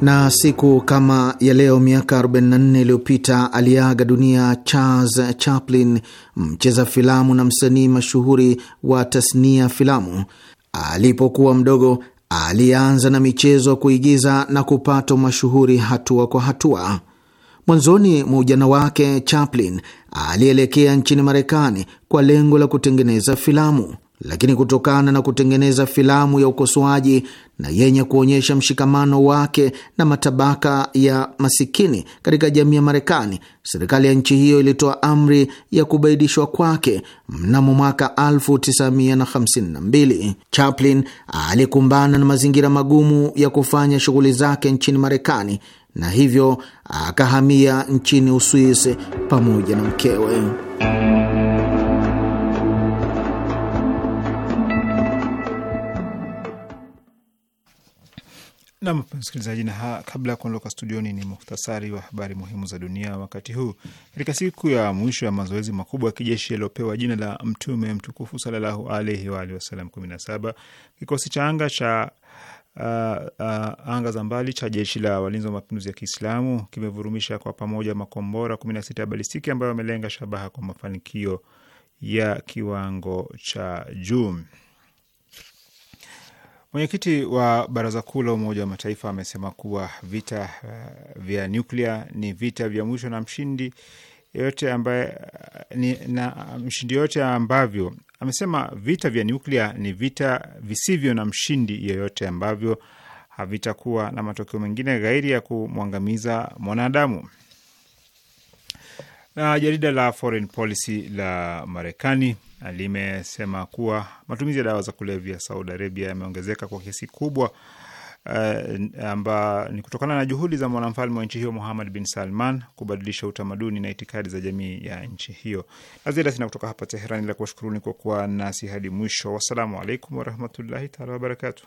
na siku kama ya leo miaka 44 iliyopita aliaga dunia Charles Chaplin, mcheza filamu na msanii mashuhuri wa tasnia filamu. Alipokuwa mdogo, alianza na michezo kuigiza na kupata mashuhuri hatua kwa hatua. Mwanzoni mwa ujana wake, Chaplin alielekea nchini Marekani kwa lengo la kutengeneza filamu lakini kutokana na kutengeneza filamu ya ukosoaji na yenye kuonyesha mshikamano wake na matabaka ya masikini katika jamii ya Marekani, serikali ya nchi hiyo ilitoa amri ya kubaidishwa kwake mnamo mwaka 1952. Chaplin alikumbana na mazingira magumu ya kufanya shughuli zake nchini Marekani na hivyo akahamia nchini Uswisi pamoja na mkewe. Nam msikilizaji, na kabla ya kuondoka studioni, ni muhtasari wa habari muhimu za dunia wakati huu. Katika siku ya mwisho ya mazoezi makubwa ya kijeshi yaliyopewa jina la Mtume Mtukufu sallallahu alaihi waalihi wasalam kumi na saba, kikosi cha anga cha uh, uh, anga za mbali cha jeshi la walinzi wa mapinduzi ya Kiislamu kimevurumisha kwa pamoja makombora 16 ya balistiki ambayo yamelenga shabaha kwa mafanikio ya kiwango cha juu. Mwenyekiti wa Baraza Kuu la Umoja wa Mataifa amesema kuwa vita uh, vya nuklia ni vita vya mwisho na mshindi yote ambaye uh, ni, na uh, mshindi yote ambavyo amesema vita vya nuklia ni vita visivyo na mshindi yoyote ambavyo havitakuwa na matokeo mengine ghairi ya kumwangamiza mwanadamu. Na jarida la Foreign Policy la Marekani ah, limesema kuwa matumizi ya dawa za kulevya Saudi Arabia yameongezeka kwa kiasi kubwa Uh, amba ni kutokana na juhudi za mwanamfalme wa nchi hiyo Muhammad bin Salman kubadilisha utamaduni na itikadi za jamii ya nchi hiyo. Aziada sina kutoka hapa Teherani la kuwashukuruni kwa kuwa nasi hadi mwisho. Wassalamu alaikum warahmatullahi taala wabarakatuh.